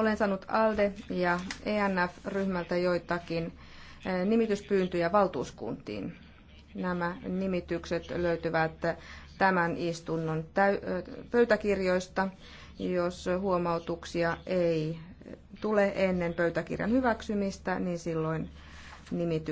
Olen saanut ALDE ja ENF-ryhmältä joitakin eh, nimityspyyntöjä valtuuskuntiin. Nämä nimitykset löytyvät tämän istunnon eh, pöytäkirjoista. Jos huomautuksia ei tule ennen pöytäkirjan hyväksymistä, niin silloin nimityksiä